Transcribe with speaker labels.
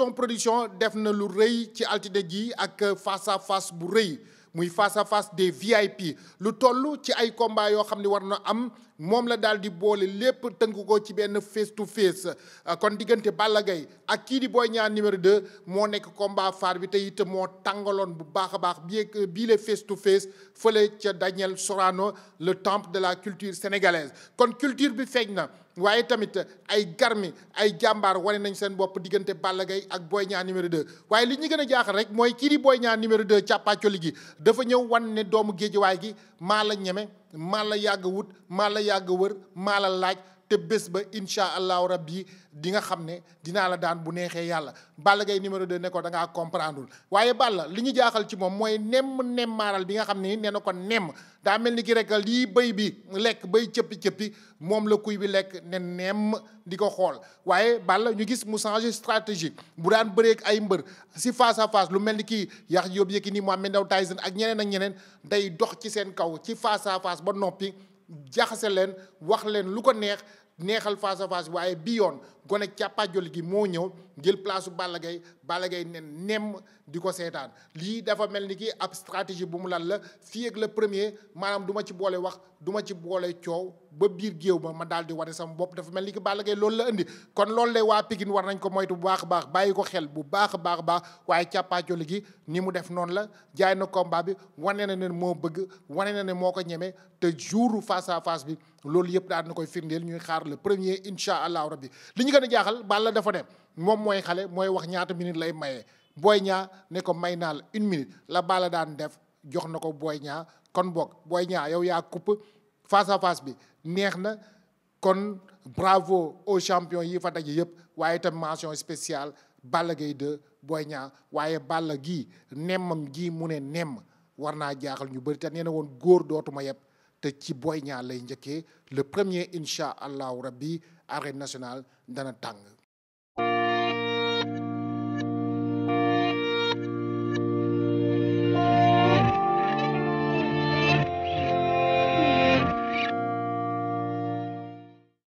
Speaker 1: Gaston Production def na lu rëy ci altine ji ak face à face bu rëy muy face à face des VIP lu toll ci ay combat yoo xam ni war na am moom la daal di boole lépp tënk ko ci benn face to face ah, kon diggante Balla Gaye ak kii di Boy ñaar numéro 2 moo nekk combat phare bi te it moo tàngaloon bu baax a baax bii bii le face to face fële ca danielle Sorano le temple de la culture sénégalaise kon culture bi feeñ na waaye tamit ay garmi ay jàmbaar wane nañ seen bopp diggante Balla Gaye ak booy Niang numéro 2 waaye li ñu gën a jaaxal rek mooy kii di Boy Niang numéro 2 càppaacoli gi dafa ñëw wan ne doomu géejiwaay gi maa la ñeme maa la yàgg wut maa la yàgg wër maa la laaj te bés ba incha allahu rabbi di nga xam ne dinaa la daan bu neexee yàlla Balla Gaye numéro de ne ko da ngaa comprendre waaye Balla li ñu jaaxal ci moom mooy nemm nemm maaral bi nga xam ne nee na ko nemm daa mel ni ki rek lii bëy bi lekk bay cëppi-cëppi moom la kuy bi lekk ne nemm di ko xool waaye Balla ñu gis mu changé stratégie bu daan bëreek ay mbër si face à lu mel ni kii yax yóbbu yëkki nii Mohamed Ndao Tyson ak ñeneen ak ñeneen day dox ci seen kaw ci face à ba noppi jaxase leen wax leen lu ko neex neexal face à face bi waaye bi yoon gone càppaajol gi moo ñëw jël place su Balla Gaye Balla Gaye ne nem di ko seetaan lii dafa mel ni kii ab stratégie bu mu lan la fii ak la premier maanaam duma ci boole wax duma ci boole coow ba biir géew ma ma daal di wane sama bopp dafa mel ni ki Balla gay loolu la indi kon lool lay waa Pikine war nañ ko moytu bu baax a baax bàyyi ko xel bu baax a baax a baax waaye càppaajol gi ni mu def noonu la jaay na combat bi wane na ne moo bëgg wane na ne moo ko ñeme te jour face à bi loolu yëpp daan na koy firndeel ñuy xaar le premier incha allahu rabbi li ñu ko a jaaxal Balla dafa dem moom mooy xale mooy wax ñaata minute lay maye booy Niang ne ko may naal une minute la Balla daan def jox na ko booy Niang kon boog booy ñaa yow yaa coupe face à face bi neex na kon bravo aux champions yi fa daje yëpp waaye itam mention spéciale Balla Gaye 2 booy ñaa waaye Balla gii nemmam gii mu ne nemm war naa jaaxal ñu bari te nee na woon góor dootuma yëpp te ci Boy Niang lay njëkkee le premier incha allahu rabbi arène nationale dana tàng